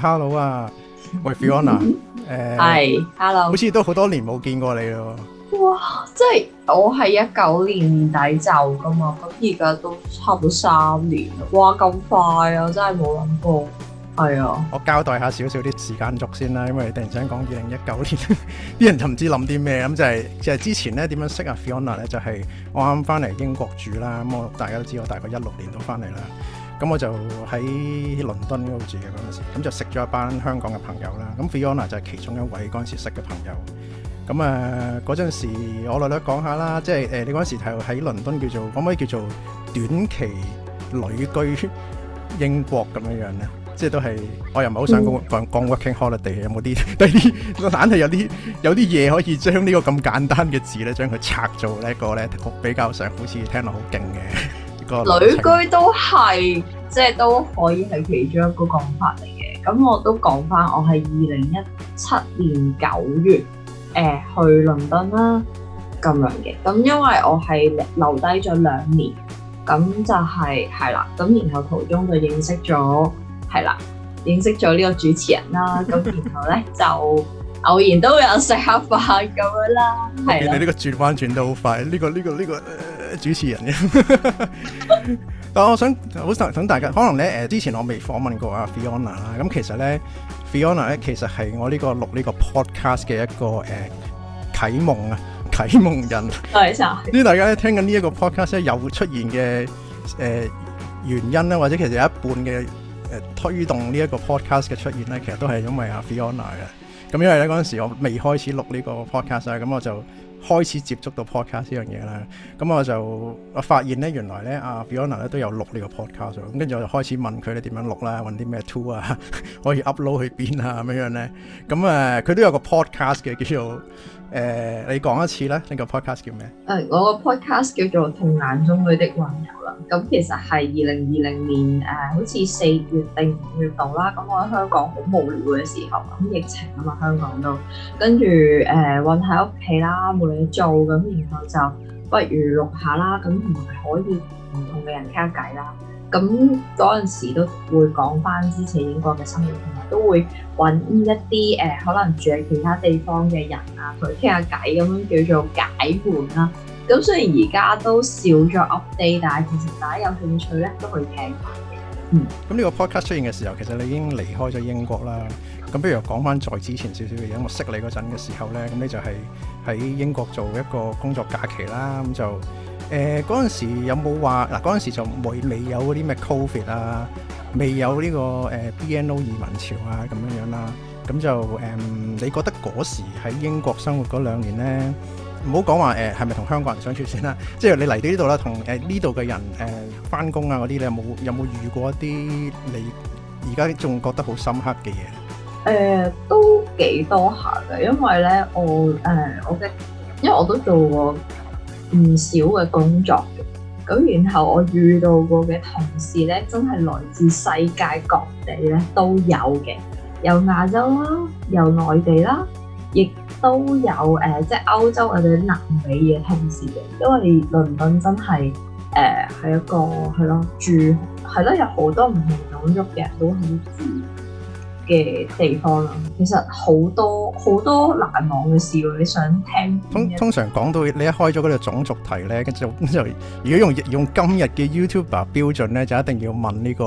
Hello 啊，喂，Fiona，誒，係，Hello，好似都好多年冇見過你咯。哇，即係我係一九年底就噶嘛，咁而家都差唔多三年啦。哇，咁快啊，真係冇諗過。係啊，我交代下少少啲時間軸先啦，因為突然想講二零一九年，啲 人就唔知諗啲咩咁。就係就係之前咧，點樣識啊 Fiona 咧，就係、是、我啱翻嚟英國住啦。咁我大家都知，我大概一六年都翻嚟啦。咁我就喺倫敦嗰度住嘅嗰陣時，咁就識咗一班香港嘅朋友啦。咁 Fiona 就係其中一位嗰陣時識嘅朋友。咁啊，嗰陣時我略略講下啦，即係誒你嗰陣時係喺倫敦叫做可唔可以叫做短期旅居英國咁樣樣咧？即係都係，我又唔係好想講講 working holiday。有冇啲？但係我硬係有啲有啲嘢可以將呢個咁簡單嘅字咧，將佢拆做呢一個咧，比較上好似聽落好勁嘅。旅居都係，即係都可以係其中一個講法嚟嘅。咁我都講翻，我係二零一七年九月，誒去倫敦啦咁樣嘅。咁因為我係留低咗兩年，咁就係係啦。咁然後途中就認識咗，係啦，認識咗呢個主持人啦。咁然後咧就偶然都有食下飯咁樣啦。係。你呢個轉彎轉得好快，呢個呢個呢個。主持人嘅， 但我想好等大家，可能咧誒，之前我未訪問過阿 Fiona 啦，咁其實咧 Fiona 咧其實係我呢個錄呢個 podcast 嘅一個誒啟蒙啊，啟蒙人係啊，呢 大家咧聽緊呢一個 podcast 咧，又出現嘅誒原因咧，或者其實有一半嘅誒推動呢一個 podcast 嘅出現咧，其實都係因為阿 Fiona 嘅，咁因為咧嗰陣時我未開始錄呢個 podcast 咁我就。開始接觸到 podcast 呢樣嘢啦，咁我就我發現咧，原來咧啊 Fiona 啊都有錄呢個 podcast 咁，跟住我就開始問佢你點樣錄啦，揾啲咩 tool 啊， 可以 upload 去邊啊咁樣咧，咁啊佢都有個 podcast 嘅叫做。誒，你講一次咧，你個 podcast 叫咩？誒，我個 podcast 叫做《童顏中女的雲遊》啦。咁其實係二零二零年誒、呃，好似四月定五月度啦。咁我喺香港好無聊嘅時候，咁疫情啊嘛，香港都跟住誒，困喺屋企啦，冇、呃、理做咁，然後就不如錄下啦。咁唔係可以唔同嘅人傾偈啦。咁嗰陣時都會講翻之前英國嘅生活，同埋都會揾一啲誒，可能住喺其他地方嘅人啊，佢傾下偈咁樣叫做解悶啦。咁雖然而家都少咗 update，但係其實大家有興趣咧都可以聽下嘅。嗯，咁呢個 podcast 出現嘅時候，其實你已經離開咗英國啦。咁不如講翻再之前少少嘅嘢，我識你嗰陣嘅時候咧，咁你就係喺英國做一個工作假期啦，咁就。誒嗰陣時有冇話嗱？嗰、啊、陣時就未未有嗰啲咩 Covid 啊，未有呢、這個誒、呃、BNO 移民潮啊咁樣樣啦、啊。咁就誒、嗯，你覺得嗰時喺英國生活嗰兩年咧，唔好講話誒係咪同香港人相處先啦。即係你嚟到呢度啦，同誒呢度嘅人誒返工啊嗰啲你有冇有冇遇過一啲你而家仲覺得好深刻嘅嘢？誒、呃、都幾多下㗎，因為咧我誒、呃、我嘅，因為我都做過。唔少嘅工作嘅，咁然後我遇到過嘅同事咧，真係來自世界各地咧都有嘅，有亞洲啦，有內地啦，亦都有誒、呃，即係歐洲或者南美嘅同事嘅，因為倫敦真係誒係一個係咯住係咯，有好多唔同種族嘅人都好以住嘅地方咯，其實好多好多難忘嘅事喎。你想聽？通通常講到你一開咗嗰個種族題咧，跟住跟住，如果用用今日嘅 YouTuber 標準咧，就一定要問呢個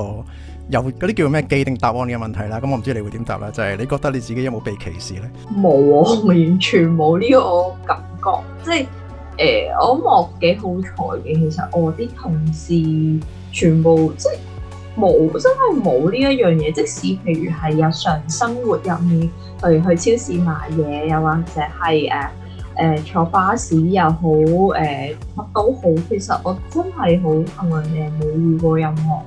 有嗰啲叫做咩既定答案嘅問題啦。咁我唔知你會點答啦，就係你覺得你自己有冇被歧視咧？冇，我完全冇呢個感覺。即係誒，我覺得我幾好彩嘅。其實我啲同事全部即係。冇，真係冇呢一樣嘢。即使譬如係日常生活入面，譬如去超市買嘢，又或者係誒誒坐巴士又好，誒、呃、乜都好，其實我真係好幸運嘅冇遇過任何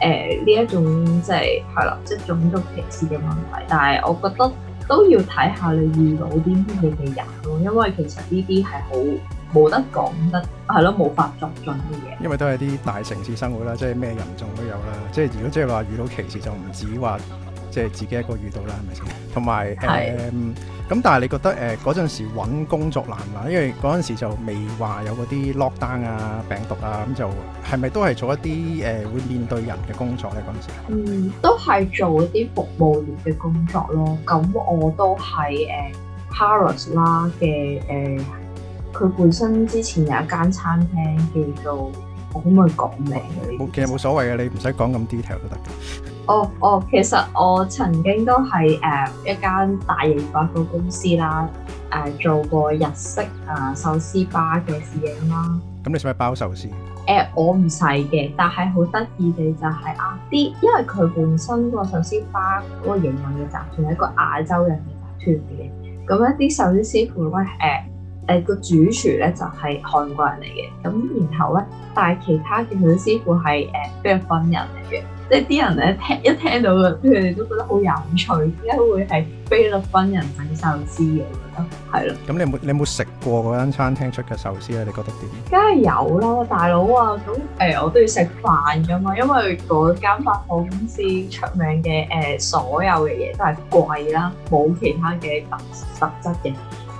誒呢一種即係係啦，即係種族歧視嘅問題。但係我覺得都要睇下你遇到啲咩嘅人咯，因為其實呢啲係好。冇得講得，係咯，冇法作盡啲嘢。因為都係啲大城市生活啦，即係咩人種都有啦。即係如果即係話遇到歧視，就唔止話即係自己一個遇到啦，係咪先？同埋誒咁，但係你覺得誒嗰陣時揾工作難唔難？因為嗰陣時就未話有嗰啲 lockdown 啊、病毒啊，咁就係咪都係做一啲誒、呃、會面對人嘅工作咧？嗰陣時嗯，都係做一啲服務業嘅工作咯。咁我都喺誒、呃、Paris 啦嘅誒。呃佢本身之前有一間餐廳，叫做，我可唔可以講名嘅呢？其實冇所謂嘅，你唔使講咁 detail 都得。我哦，其實我曾經都係誒、uh, 一間大型百貨公司啦，誒、uh, 做過日式啊、uh, 壽司吧嘅侍應啦。咁你使唔使包壽司？誒、uh, 我唔使嘅，但係好得意嘅就係啊啲，D, 因為佢本身個壽司吧個營運嘅集團係一個亞洲人嘅集團嘅，咁一啲壽司師傅咧誒。Uh, 誒個主廚咧就係韓國人嚟嘅，咁然後咧，但係其他嘅佢啲師傅係誒菲律賓人嚟嘅，即係啲人咧一,一聽到佢哋都覺得好有趣，點解會係菲律賓人整壽司嘅？我覺得係啦。咁你有冇你有冇食過嗰間餐廳出嘅壽司咧？你覺得點？梗係有啦，大佬啊！咁誒、呃，我都要食飯噶嘛，因為嗰間法國公司出名嘅誒、呃，所有嘅嘢都係貴啦，冇其他嘅特特質嘅。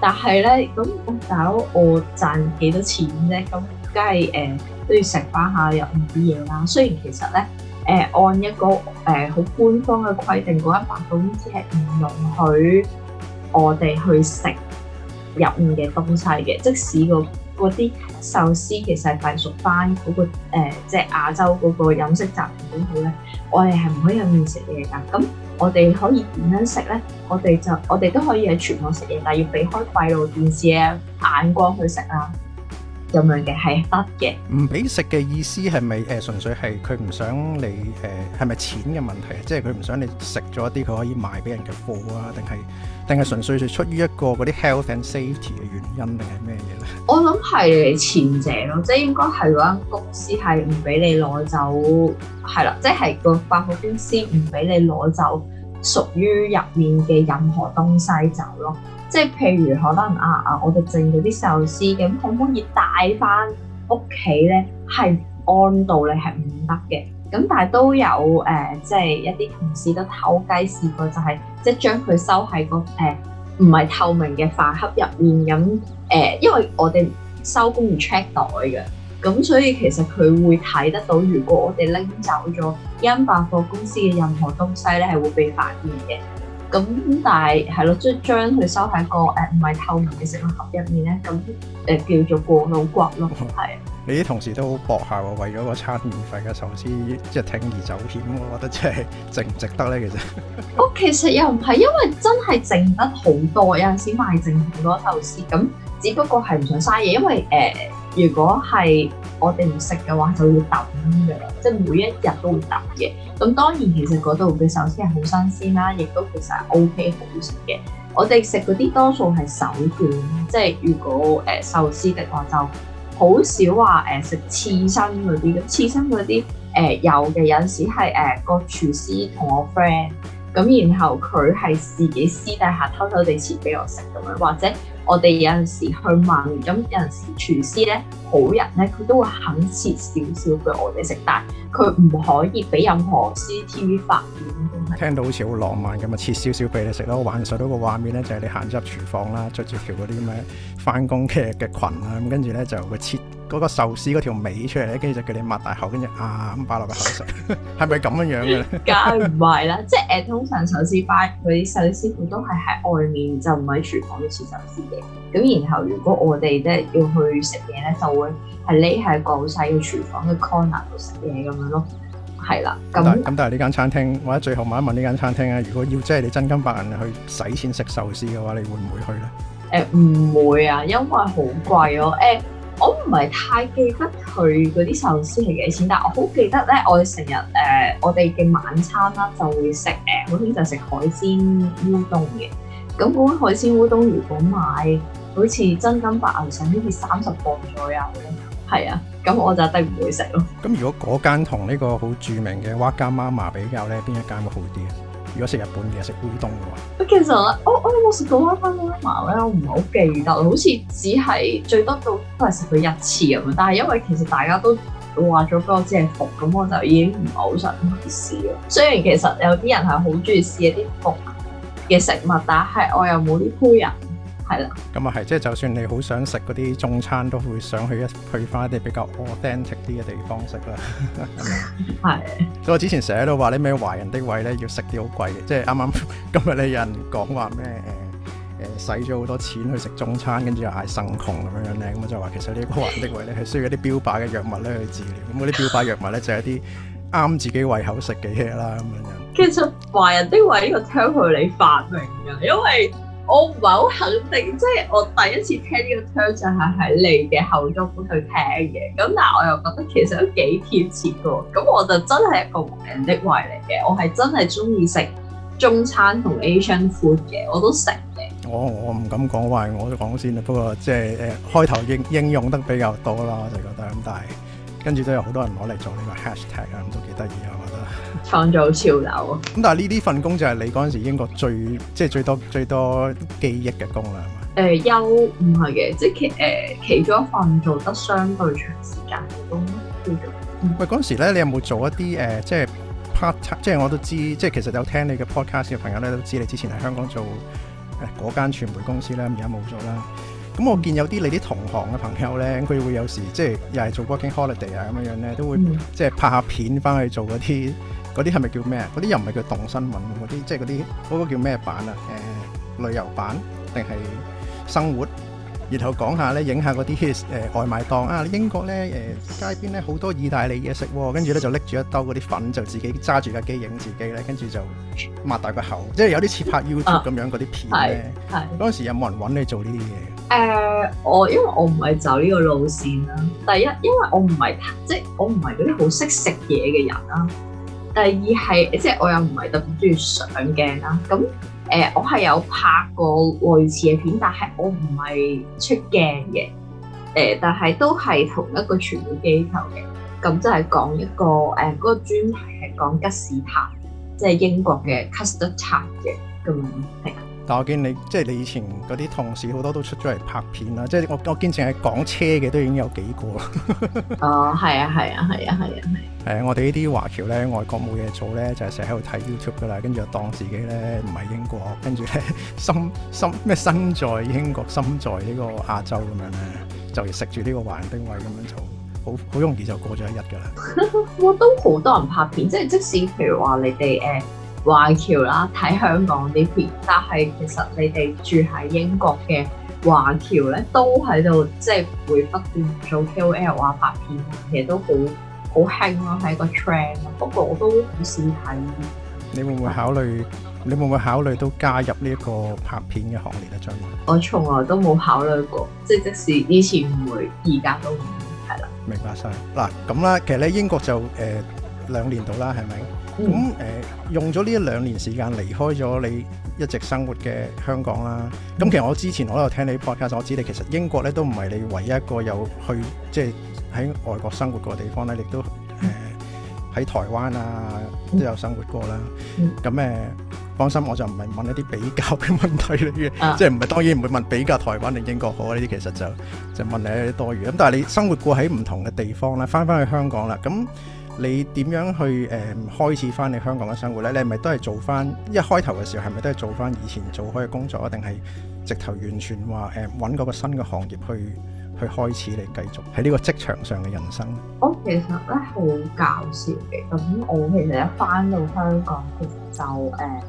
但係咧，咁搞我,我賺幾多錢咧？咁梗係誒都要食翻下入面啲嘢啦。雖然其實咧，誒、呃、按一個誒好、呃、官方嘅規定，嗰一版都只係唔容許我哋去食入面嘅東西嘅。即使嗰啲壽司其實快熟翻、那個，嗰、呃、個即係亞洲嗰個飲食集團好咧，我哋係唔可以入面食嘢㗎。我哋可以點樣食呢？我哋就我哋都可以喺廚房食嘢，但要避開閉路電視嘅眼光去食啊！咁樣嘅係得嘅。唔俾食嘅意思係咪誒純粹係佢唔想你誒，係咪錢嘅問題啊？即係佢唔想你食咗一啲佢可以賣俾人嘅貨啊？定係定係純粹係出於一個嗰啲 health and safety 嘅原因定係咩嘢咧？我諗係前者咯，即係應該係嗰間公司係唔俾你攞走，係啦，即係個發貨公司唔俾你攞走屬於入面嘅任何東西走咯。即係譬如可能啊啊，我哋剩咗啲壽司，咁可唔可以帶翻屋企咧？係按道理係唔得嘅。咁但係都有誒、呃，即係一啲同事都偷雞試過、就係，就係即係將佢收喺、那個誒唔係透明嘅飯盒入面咁誒、呃，因為我哋收工唔 check 袋嘅，咁所以其實佢會睇得到。如果我哋拎走咗因百貨公司嘅任何東西咧，係會被發現嘅。咁、嗯、但係係咯，即係將佢收喺個誒唔係透明嘅食物盒入面咧，咁誒、呃、叫做過濾骨咯，係、哦。你啲同事都好博下喎，為咗個餐券費嘅壽司即係鋌而走險，我覺得即、就、係、是、值唔值得咧？其實、哦。我其實又唔係，因為真係剩得好多，有陣時賣剩好多壽司，咁只不過係唔想嘥嘢，因為誒。呃如果係我哋唔食嘅話，就要揼嘅，即係每一日都會揼嘅。咁當然其實嗰度嘅壽司係好新鮮啦，亦都其實係 OK 好食嘅。我哋食嗰啲多數係手卷，即係如果誒、呃、壽司的話，就好少話誒食刺身嗰啲。咁刺身嗰啲誒有嘅有時係誒個廚師同我 friend，咁然後佢係自己私底下偷偷哋切俾我食咁樣，或者。我哋有陣時去萬，有陣時廚師咧。好人咧，佢都會肯切少少俾我哋食，但係佢唔可以俾任何 CCTV 發現。聽到好似好浪漫咁啊，切少少俾你食咯。我幻想到個畫面咧，就係、是、你行入廚房啦，着住條嗰啲咩返工嘅嘅裙啦，咁跟住咧就會切嗰個壽司嗰條尾出嚟咧，跟住就叫你擘大口，跟住啊咁擺落個口上，係咪咁樣樣嘅咧？梗係唔係啦？即係誒，通常壽司擺佢啲壽司，司，佢都係喺外面，就唔喺廚房度切壽司嘅。咁然後如果我哋咧要去食嘢咧，就會。係匿喺個好細嘅廚房嘅 corner 度食嘢咁樣咯，係啦。咁咁，但係呢間餐廳，或者最後問一問呢間餐廳啊，如果要即係你真金白銀去使錢食壽司嘅話，你會唔會去咧？誒唔、呃、會啊，因為好貴哦、啊。誒、呃，我唔係太記得佢嗰啲壽司係幾錢，但係我好記得咧，我哋成日誒，我哋嘅晚餐啦、啊、就會食誒、呃，好興就食海鮮烏冬嘅。咁嗰碗海鮮烏冬如果買？好似真金白銀，甚至三十磅左右咯。係啊，咁我就一定唔會食咯。咁如果嗰間同呢個好著名嘅 Wagamama 比較咧，邊一間會好啲啊？如果食日本嘢，食烏冬嘅話。啊，其實我我冇食過 Wagamama 咧，我唔係好記得，好似只係最多到都係食佢一次咁樣。但係因為其實大家都話咗嗰支係服，咁我，我就已經唔係好想試咯。雖然其實有啲人係好中意試一啲服嘅食物，但係我又冇啲鋪人。係啦，咁啊係，即係、就是、就算你好想食嗰啲中餐，都會想去一去翻一啲比較 authentic 啲嘅地方食啦。係 的，所以我之前成日都話啲咩華人的胃咧要食啲好貴嘅，即係啱啱今日咧有人講話咩誒誒，使咗好多錢去食中餐，跟住又嗌生窮咁樣樣咧，咁就話其實你華人的胃咧係需要一啲標靶嘅藥物咧去治療，咁嗰啲標靶藥物咧就係一啲啱自己胃口食嘅嘢啦，咁樣樣。其實華人的胃呢個 therapy 你發明嘅，因為。我唔係好肯定，即係我第一次聽呢個 term 就係喺你嘅口中去聽嘅，咁但係我又覺得其實都幾貼切嘅，咁我就真係一個華人的胃嚟嘅，我係真係中意食中餐同 Asian food 嘅，我都食嘅。我我唔敢講壞，我都講先啦。不過即係誒開頭應應用得比較多啦，就係覺得咁，但係跟住都有好多人攞嚟做呢個 hashtag 啊，咁都幾得意咯。創造潮流啊！咁但係呢啲份工就係你嗰陣時英國最即係最多最多記憶嘅工啦。誒、呃，休唔係嘅，即係誒、呃、其中一份做得相對長時間嘅工叫做。嗯、喂，嗰陣時咧，你有冇做一啲誒、呃，即係 part time 即係我都知，即係其實有聽你嘅 podcast 嘅朋友咧都知，你之前喺香港做誒嗰、呃、間傳媒公司咧，而家冇做啦。咁我見有啲你啲同行嘅朋友咧，佢會有時即係又係做 working holiday 啊咁樣樣咧，都會、嗯、即係拍下片翻去做嗰啲。嗰啲係咪叫咩啊？嗰啲又唔係叫動新聞喎，嗰啲即係嗰啲嗰個叫咩版啊？誒、呃、旅遊版定係生活？然後講下咧，影下嗰啲誒外賣檔啊。英國咧誒、呃、街邊咧好多意大利嘢食、啊，跟住咧就拎住一兜嗰啲粉，就自己揸住架機影自己咧，跟住就擘大個口，即係有啲似拍 YouTube 咁樣嗰啲片咧、啊。係，係當時有冇人揾你做呢啲嘢？誒、呃，我因為我唔係走呢個路線啦、啊。第一，因為我唔係即係我唔係嗰啲好識食嘢嘅人啦、啊。第二係，即係我又唔係特別中意上鏡啦。咁誒、呃，我係有拍過類似嘅片，但係我唔係出鏡嘅。誒、呃，但係都係同一個傳媒機構嘅。咁即係講一個誒，嗰、呃那個專題係講吉士撻，即係英國嘅 Custard Tart 嘅咁。但我見你即係你以前嗰啲同事好多都出咗嚟拍片啦，即係我我見淨係講車嘅都已經有幾個啦。 哦，係啊，係啊，係啊，係啊，係。係啊，啊哎、我哋呢啲華僑咧，外國冇嘢做咧，就係、是、成日喺度睇 YouTube 噶啦，跟住就當自己咧唔係英國，跟住咧心心咩身在英國，心在呢個亞洲咁樣咧，就食住呢個華人丁位咁樣做，好好容易就過咗一日噶啦。 我都好多人拍片，即係即使譬如話你哋誒。欸華僑啦，睇香港啲片，但係其實你哋住喺英國嘅華僑咧，都喺度即係會不斷做 KOL 啊，拍片，其實都好好興咯，係、啊、一個 trend 不過我都好少睇。你會唔會考慮？嗯、你會唔會考慮都加入呢一個拍片嘅行列啊？張文，我從來都冇考慮過，即係即使以前唔會，而家都唔係啦。明白晒？嗱咁啦，其實咧英國就誒、呃、兩年度啦，係咪？咁誒、嗯嗯、用咗呢一兩年時間離開咗你一直生活嘅香港啦，咁、嗯嗯、其實我之前我有聽你 podcast，我知你其實英國咧都唔係你唯一一個有去即係喺外國生活過嘅地方咧，亦都誒喺、呃、台灣啊都有生活過啦。咁誒，放心，我就唔係問一啲比較嘅問題嚟嘅，即係唔係當然唔會問比較台灣定英國好呢啲，其實就就問你多餘。咁但係你生活過喺唔同嘅地方咧，返返去香港啦，咁、嗯。嗯你點樣去誒、呃、開始翻你香港嘅生活咧？你係咪都係做翻一開頭嘅時候，係咪都係做翻以前做開嘅工作啊？定係直頭完全話誒揾嗰個新嘅行業去去開始嚟繼續喺呢個職場上嘅人生呢？我其實咧好搞笑嘅，咁我其實一翻到香港其實就誒、呃，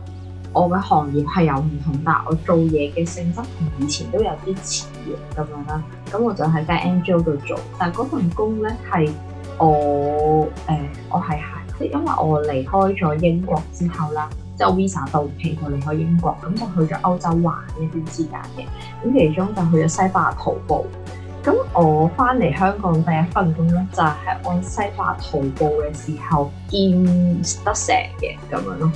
我嘅行業係有唔同，但我做嘢嘅性質同以前都有啲似嘅咁樣啦。咁我就喺間 Angel 度做，但係嗰份工咧係。我誒、呃、我係係，即係因為我離開咗英國之後啦，mm hmm. 即係 Visa 到期我離開英國，咁就去咗歐洲玩一段時間嘅，咁其中就去咗西班牙徒步。咁我翻嚟香港第一份工咧，就係、是、喺西班牙徒步嘅時候見得蛇嘅咁樣咯，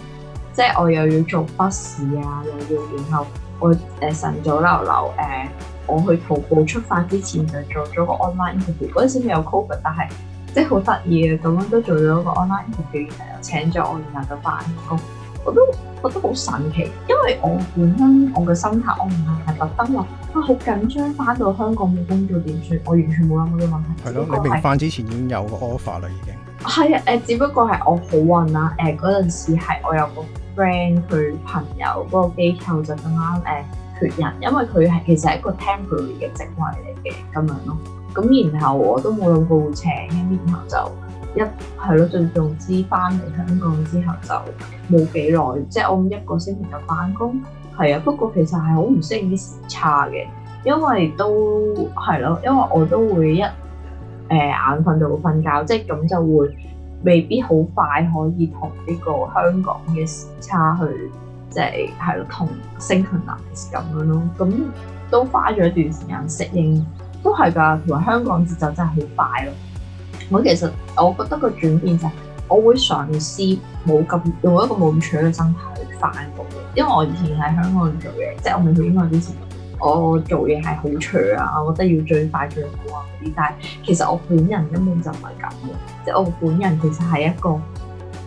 即係我又要做巴士啊，又要然後我誒晨早流流誒，我去徒步出發之前就做咗個 online interview，嗰陣時未有 covid，但係。即係好得意啊！咁樣都做咗一個 online 嘅僱員，請咗我然後就返工，我都覺得好神奇。因為我本身我嘅心態我唔係特登喎，都、啊、好緊張返到香港嘅工作點算，我完全冇諗過呢個問題。係咯吧，你未返之前已經有個 offer 啦，已經。係啊，誒、呃，只不過係我好運啦。誒、呃，嗰陣時係我有個 friend 佢朋友嗰、嗰個機構就啱啱誒缺人，因為佢係其實係一個 temporary 嘅職位嚟嘅咁樣咯。咁然後我都冇諗過會請，然後就一係咯，就用之翻嚟香港之後就冇幾耐，即、就、係、是、我一個星期就返工。係啊，不過其實係好唔適應啲時差嘅，因為都係咯，因為我都會一誒、呃、眼瞓就會瞓覺，即係咁就會未必好快可以同呢個香港嘅時差去，即係係咯同 synchronize 咁樣咯。咁、嗯、都花咗一段時間適應。都係㗎，同埋香港節奏真係好快咯。我其實我覺得個轉變就係、是，我會嘗試冇咁用一個冇咁長嘅心態去翻工，因為我以前喺香港做嘢，即係我未去英國之前，我做嘢係好長啊，我覺得要最快最好啊啲。但係其實我本人根本就唔係咁嘅，即係我本人其實係一個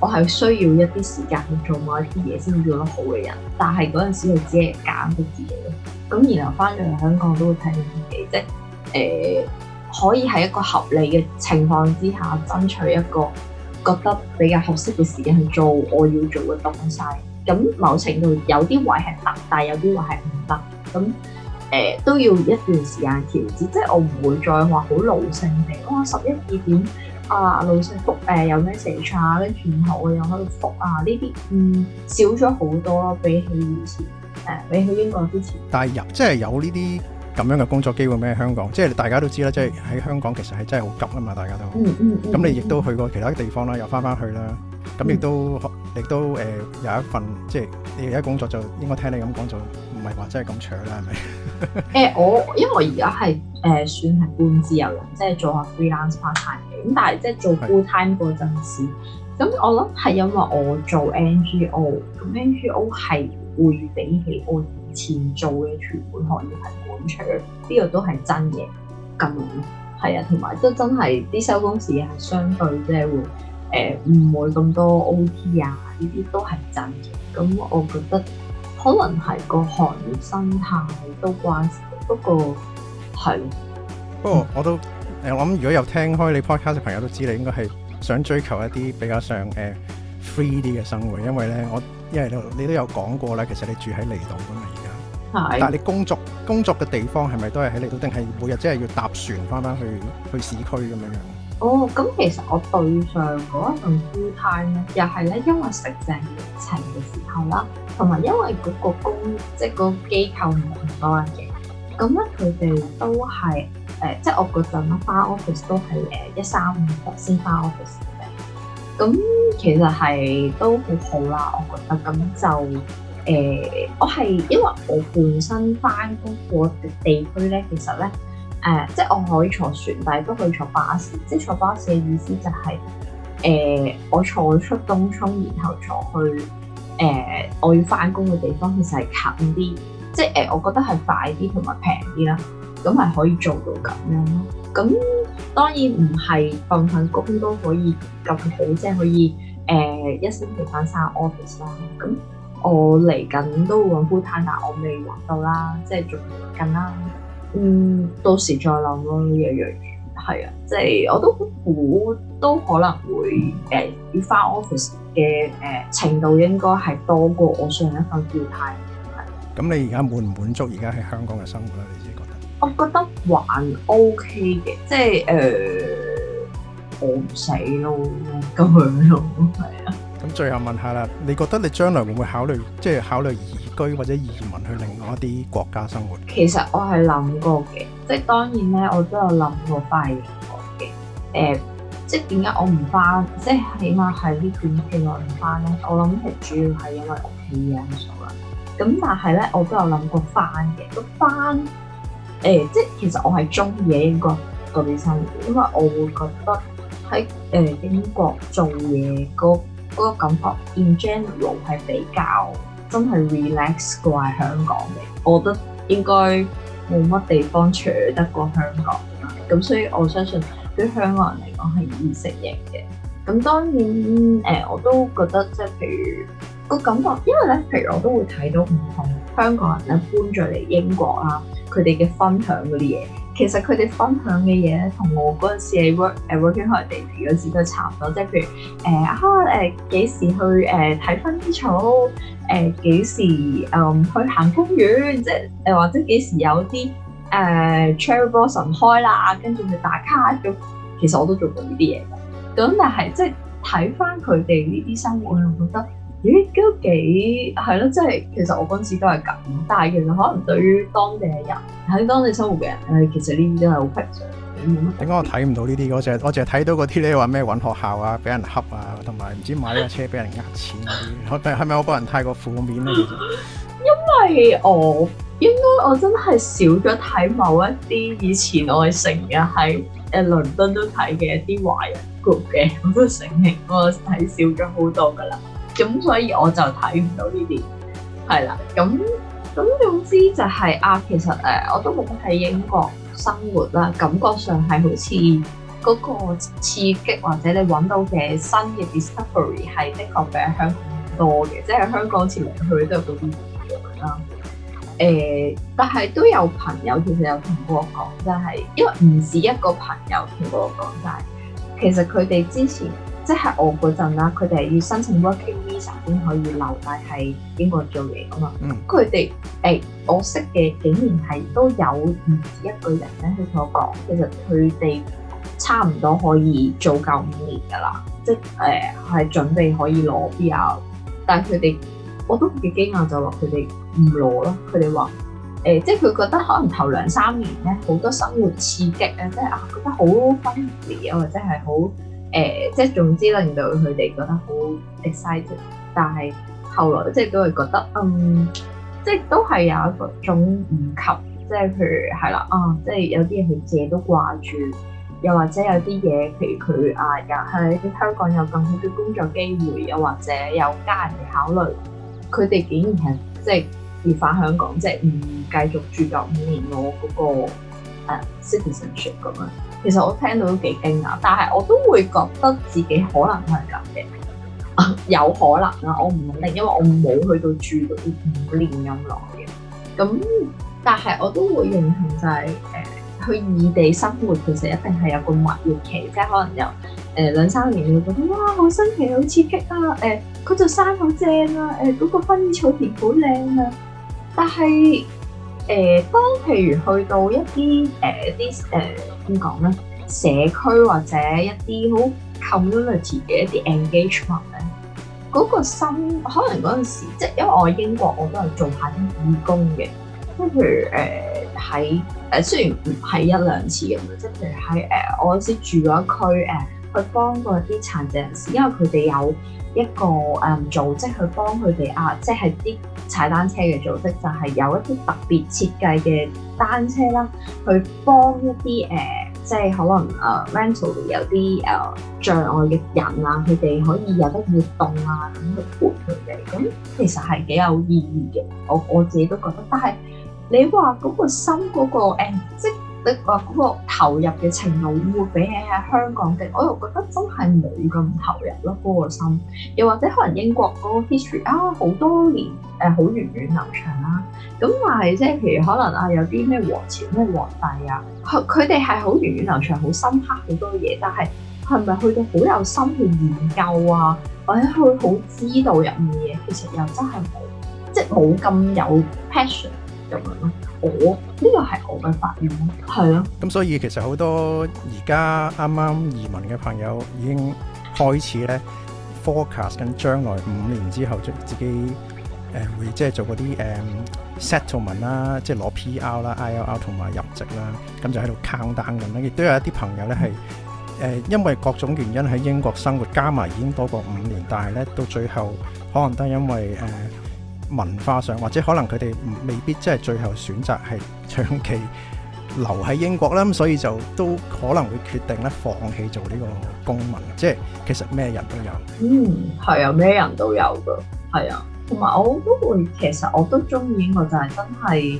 我係需要一啲時間去做某一啲嘢先會做得好嘅人。但係嗰陣時我只係揀到自己咯。咁然後翻咗嚟香港都會睇到自己，即誒、呃、可以喺一個合理嘅情況之下爭取一個覺得比較合適嘅時間去做我要做嘅東西。咁某程度有啲位係得，但係有啲位係唔得。咁誒、呃、都要一段時間調節，即係我唔會再話好勞性地哇十一二點啊，勞性復誒有 message，啊，跟住、呃、然後我又喺度復啊呢啲，嗯，少咗好多，比起以前誒、呃、比起英國之前，但係有即係有呢啲。咁樣嘅工作機會咩？香港，即係大家都知啦，即係喺香港其實係真係好急啊嘛！大家都，咁你亦都去過其他地方啦，又返返去啦，咁亦都亦都誒有一份，即係你而家工作就應該聽你咁講就唔係話真係咁搶啦，係咪？誒，我因為我而家係誒算係半自由人，即係做下 freelance part time，咁但係即係做 full time 嗰陣時，咁我諗係因為我做 NGO，咁 NGO 係會比起我。前做嘅全盤行業係管缺，呢、這個都係真嘅。咁係啊，同埋都真係啲收工時係相對即係、呃、會誒唔會咁多 O T 啊，呢啲都係真嘅。咁、嗯、我覺得可能係個行業生態都關事。不過係，不過、啊、我都誒、呃，我諗如果有聽開你 podcast 嘅朋友都知，你應該係想追求一啲比較上誒、呃、free 啲嘅生活，因為咧，我因為你都有講過啦，其實你住喺離島咁啊。但係你工作工作嘅地方係咪都係喺你度？定係每日即係要搭船返返去去市區咁樣樣？哦，咁其實我對上嗰陣 full time 咧，又係咧，因為食正疫情嘅時候啦，同埋因為嗰個工即係嗰個機構唔同嘅，咁咧佢哋都係誒，即係我嗰陣咧，返 office 都係誒一三五先返 office 嘅，咁其實係都好好啦，我覺得咁就。誒、呃，我係因為我本身翻工個地區咧，其實咧誒、呃，即係我可以坐船，但係都可以坐巴士。即係坐巴士嘅意思就係、是、誒、呃，我坐出東涌，然後坐去誒、呃、我要翻工嘅地方，其實係近啲，即係、呃、誒，我覺得係快啲同埋平啲啦。咁係可以做到咁樣咯。咁當然唔係份份工都可以咁好，即、就、係、是、可以誒、呃、一星期翻三 office 啦。咁我嚟緊都會揾 full time，但我未揾到啦，即係仲緊啦。嗯，到時再諗咯，一樣嘢。係啊，即係我都估都可能會誒要、嗯、翻 office 嘅誒、呃、程度應該係多過我上一份 full time。係。咁你而家滿唔滿足而家喺香港嘅生活咧？你自己覺得？我覺得還 OK 嘅，即係誒、呃，我唔使咯，咁樣咯，係啊。最後問下啦，你覺得你將來會唔會考慮即係考慮移居或者移民去另外一啲國家生活？其實我係諗過嘅，即係當然咧，我都有諗過返英國嘅。誒、欸，即係點解我唔翻？即係起碼喺呢段期內唔翻咧。我諗其實主要係因為屋企嘅因素啦。咁但係咧，我都有諗過翻嘅。咁翻誒，即係其實我係中意喺英國啲生活，因為我會覺得喺誒英國做嘢嗰個感覺，in general 係比較真係 relax 過香港嘅。我覺得應該冇乜地方取得過香港，咁所以我相信對香港人嚟講係易適應嘅。咁當然誒、呃，我都覺得即係譬如、個感覺，因為咧，譬如我都會睇到唔同香港人咧搬咗嚟英國啊，佢哋嘅分享嗰啲嘢。其實佢哋分享嘅嘢咧，同我嗰陣時喺 work 喺 working holiday 嗰時候都差唔多，即係譬如誒、呃、啊誒幾時去誒睇薰衣草，誒、呃、幾時嗯、呃、去行公園，或者幾時有啲誒、呃、trail boss 開啦，跟住去打卡咁。其實我都做過呢啲嘢，咁但係即係睇翻佢哋呢啲生活，我覺得。咦，都幾係咯？即係其實我嗰陣時都係咁，但係其實可能對於當地嘅人喺當地生活嘅人，誒，其實呢啲真係好平常。點解我睇唔到呢啲？我淨係我淨係睇到嗰啲咧，話咩揾學校啊，俾人恰啊，同埋唔知買架車俾人呃錢嗰啲。係係咪我幫人太過負面咧？ 因為我應該我真係少咗睇某一啲以前我成日喺誒倫敦都睇嘅一啲華人谷嘅，我都承認我睇少咗好多噶啦。咁、嗯、所以我就睇唔到呢啲，係啦。咁咁總之就係、是、啊，其實誒我都冇喺英國生活啦，感覺上係好似嗰個刺激或者你揾到嘅新嘅 discovery 係的確比喺香港多嘅，即係香港前嚟去都嗰啲咁啦。誒、啊，但係都有朋友其實有同過我講，就係、是、因為唔止一個朋友同我講，但、就、係、是、其實佢哋之前。即係我嗰陣啦，佢哋係要申請 Working Visa 先可以留低喺英國做嘢㗎嘛。佢哋誒，我識嘅竟然係都有唔止一個人咧，佢同我講，其實佢哋差唔多可以做夠五年噶啦，即係誒係準備可以攞 B R，但係佢哋我都幾驚訝就話佢哋唔攞咯，佢哋話誒，即係佢覺得可能頭兩三年咧好多生活刺激啊，即係啊覺得好新奇啊，或者係好。誒、呃，即係總之令到佢哋覺得好 excited，但係後來即係都係覺得，嗯，即係都係有一個種唔及，即係譬如係啦，啊、哦，即係有啲嘢佢自己都掛住，又或者有啲嘢，譬如佢啊，又喺香港有更好嘅工作機會，又或者有家人嘅考慮，佢哋竟然係即係要返香港，即係唔繼續住夠五年攞嗰、那個 citizenship 咁啊！其實我聽到都幾驚訝，但係我都會覺得自己可能係咁嘅， 有可能啦。我唔肯定，因為我冇去到住夠五年咁耐嘅。咁但係我都會認同就係、是、誒、呃、去異地生活，其實一定係有個蜜月期，即係可能有誒、呃、兩三年會覺得哇好新奇、好刺激啊！誒嗰座山好正啊！誒、呃、嗰、那個薰衣草田好靚啊！但係誒、呃、當譬如去到一啲誒啲誒。呃點講咧？社區或者一啲好 community 嘅一啲 engagement 咧，嗰個心可能嗰陣時，即係因為我喺英國，我都係做下啲義工嘅。跟住誒喺誒，雖然唔係一兩次咁樣，即係喺誒我嗰陣時住一區誒、呃，去幫過啲殘疾人士，因為佢哋有。一個誒、嗯、組織去幫佢哋啊，即係啲踩單車嘅組織，就係、係、有一啲特別設計嘅單車啦，去幫一啲誒、呃，即係可能誒、呃、mentally 有啲誒、呃、障礙嘅人啊，佢哋可以有得活動啊，咁去陪佢哋，咁其實係幾有意義嘅。我我自己都覺得，但係你話嗰個心嗰、嗰個、嗯、即你投入嘅程度會比起喺、啊、香港嘅，我又覺得真係冇咁投入咯，嗰、嗰個心。又或者可能英國嗰個 history 啊，好多年誒，好、啊、源遠，遠流長啦。咁但係即係譬如可能啊，有啲咩皇朝咩皇帝啊，佢佢哋係好源遠流長，好深刻好多嘢。但係係咪去到好有心嘅研究啊，或者佢好知道入面嘅嘢，其實又真係冇，即係冇咁有 passion 咁樣咯。我呢個係我嘅發現咯，係咯。咁所以其實好多而家啱啱移民嘅朋友已經開始咧 forecast 緊將來五年之後，即自己誒、呃、會即係做嗰啲誒 settlement 啦，即係攞 PR 啦、ILR 同埋入籍啦，咁就喺度 count down 咁樣。亦都有一啲朋友咧係誒，因為各種原因喺英國生活加埋已經多過五年，但係咧到最後可能都係因為誒。呃嗯文化上，或者可能佢哋未必即係最後選擇係長期留喺英國啦，咁所以就都可能會決定咧放棄做呢個公民，即係其實咩人都有。嗯，係啊，咩人都有噶，係啊，同埋我都會，其實我都中意英國就係真係，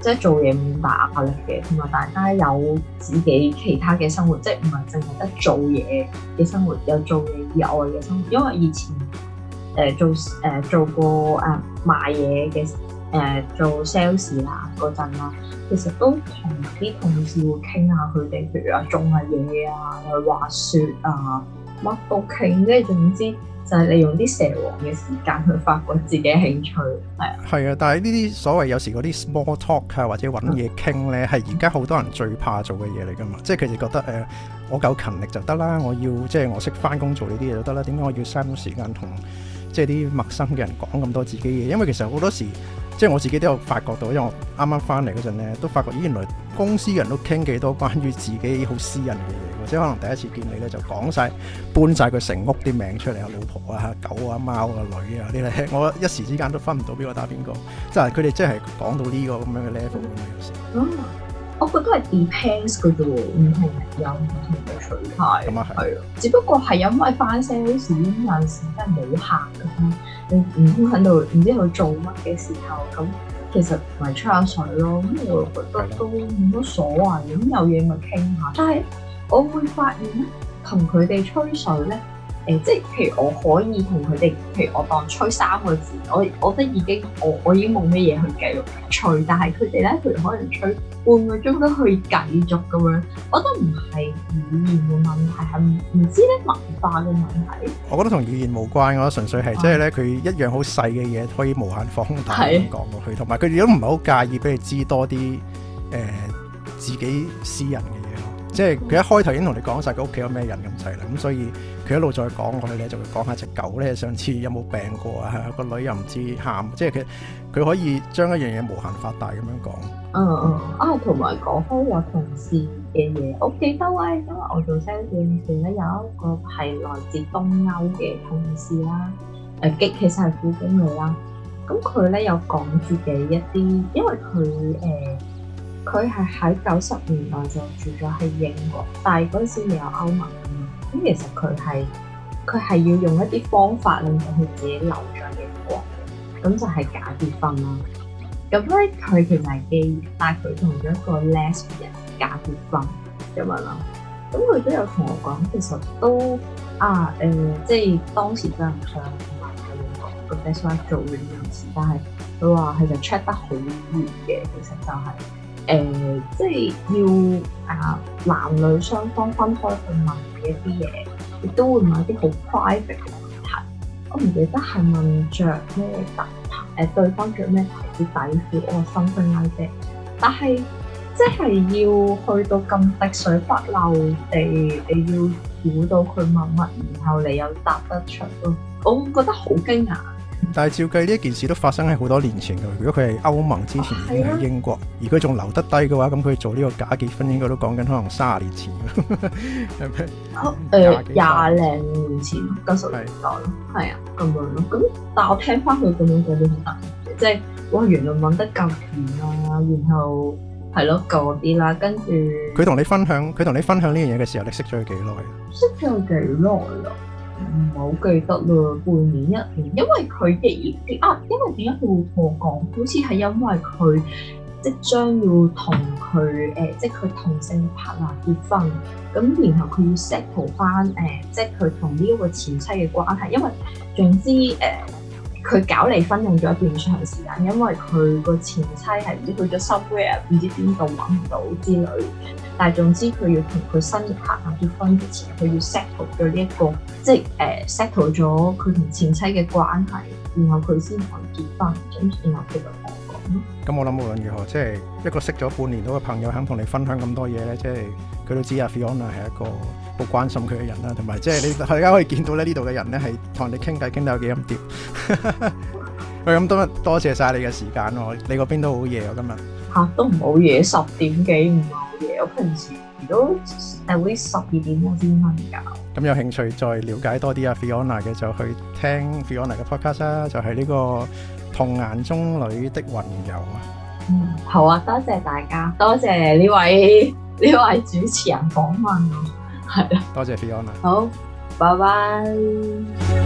即係做嘢唔咁大壓力嘅，同埋大家有自己其他嘅生活，即係唔係淨係得做嘢嘅生活，有做嘢以外嘅生活，因為以前。誒做誒做過誒賣嘢嘅誒做 sales 啦嗰陣啦，其實都同啲同事會傾下佢哋譬如做話做下嘢啊、去滑雪啊，乜都傾。即係總之就係利用啲蛇王嘅時間去發掘自己興趣，係啊。係啊，但係呢啲所謂有時嗰啲 small talk 啊，或者揾嘢傾咧，係而家好多人最怕做嘅嘢嚟㗎嘛。即係其實覺得誒我夠勤力就得啦，我要即係、就係、我識翻工做呢啲嘢就得啦。點解我要嘥咗時間同？即係啲陌生嘅人講咁多自己嘢，因為其實好多時，即係我自己都有發覺到，因為我啱啱翻嚟嗰陣咧，都發覺咦原來公司人都傾幾多關於自己好私人嘅嘢或者可能第一次見你咧就講晒搬晒佢成屋啲名出嚟，老婆啊、狗啊、貓啊、女啊啲咧，我一時之間都分唔到畀我打邊個，即係佢哋即係講到呢個咁樣嘅 level 咁啊！我覺得係 depends 㗎啫喎，唔同有唔同嘅取態，係啊、嗯，嗯、只不過係因為翻 sales 嗰陣時真係冇客咁樣，你唔通喺度，唔知佢做乜嘅時候，咁其實咪吹下水咯。咁我覺得都冇乜所謂，咁有嘢咪傾下。但係我會發現咧，同佢哋吹水咧。誒、呃，即係譬如我可以同佢哋，譬如我當吹三個字，我我覺得已經我我已經冇咩嘢去繼續吹。但係佢哋咧，譬如可能吹半個鐘都去繼續咁樣。我覺得唔係語言嘅問題，係、啊、唔知咧文化嘅問題。我覺得同語言無關，我覺得純粹係即係咧，佢、嗯、一樣好細嘅嘢可以無限放大咁講落去，同埋佢如果唔係好介意俾你知多啲誒、呃、自己私人嘅嘢咯。即係佢一開頭已經同你講晒佢屋企有咩人咁滯啦，咁所以。佢一路再講我哋咧，就會講下隻狗咧，上次有冇病過啊？個女又唔知喊，即係佢佢可以將一樣嘢無限發大咁樣講。嗯嗯，嗯啊同埋講開有同事嘅嘢，我記得啊，因為我做 sales 時咧，有一個係來自東歐嘅同事啦，誒、呃、經其實係副經理啦。咁佢咧有講自己一啲，因為佢誒佢係喺九十年代就住咗喺英國，但係嗰陣時未有歐盟。咁其實佢係佢係要用一啲方法令到佢自己留喺英國，咁就係假結婚啦。咁咧佢其實記，但係佢同咗一個 less 人假結婚咁樣咯。咁佢都有同我講，其實都啊誒、呃，即係當時真係唔想同埋英國個 best friend 做呢樣事，但係佢話佢就 check 得好遠嘅，其實就係、是。誒、呃，即係要啊、呃，男女雙方分開去問嘅一啲嘢，亦都會問啲好 private 嘅問題。我唔記得係問着咩題，誒對方著咩牌子底褲，我心聲啱啲。但係即係要去到咁滴水不漏地，你要估到佢問乜，然後你又答得出咯。我覺得好驚訝！ 但係照計呢一件事都發生喺好多年前噶。如果佢係歐盟之前已經喺英國，哦啊、而佢仲留得低嘅話，咁佢做呢個假結婚應該都講緊可能卅年前咯。誒，廿零年前，九 是、啊呃、十，年，十年，年代咯，係是啊，咁樣咯。咁但係我聽翻佢咁樣講咧，即係、就是、哇，原來揾得夠遠啦，然後係咯，舊啲啦，跟住。佢同你分享，佢同你分享呢樣嘢嘅時候，你識咗佢幾耐啊？識咗幾耐啊？唔好記得啦，半年一年，因為佢嘅啊，因為點解佢會同我講？好似係因為佢即將要同佢誒，即佢、呃、同性拍 a r 結婚，咁然後佢要 settle 翻誒、呃，即佢同呢一個前妻嘅關係，因為總之誒。呃佢搞離婚用咗一段長時間，因為佢個前妻係唔知去咗 South Wales 唔知邊度揾到之類，但係總之佢要同佢新拍下結婚之前，佢要 settle 咗呢一個，即係誒 settle 咗佢同前妻嘅關係，然後佢先可以結婚。咁然後佢就同我講。咁我諗無論如何，即係一個識咗半年到嘅朋友肯同你分享咁多嘢咧，即係佢都知阿 Fiona 係一個。好關心佢嘅人啦，同埋即係你大家可以見到咧，呢度嘅人咧係同你傾偈傾到有幾咁掂。咁多多謝曬你嘅時間咯，你嗰邊都好夜喎今日。嚇，都唔好夜，十點幾唔好夜。我平時如果 at least 十二點我先瞓覺。咁有興趣再了解多啲啊，Fiona 嘅就去聽 Fiona 嘅 podcast 啦，就係呢個《童顏中女的雲遊》啊。嗯，好啊，多謝大家，多謝呢位呢位主持人訪問啊。係啊，多謝 Fiona 啊，好，拜拜。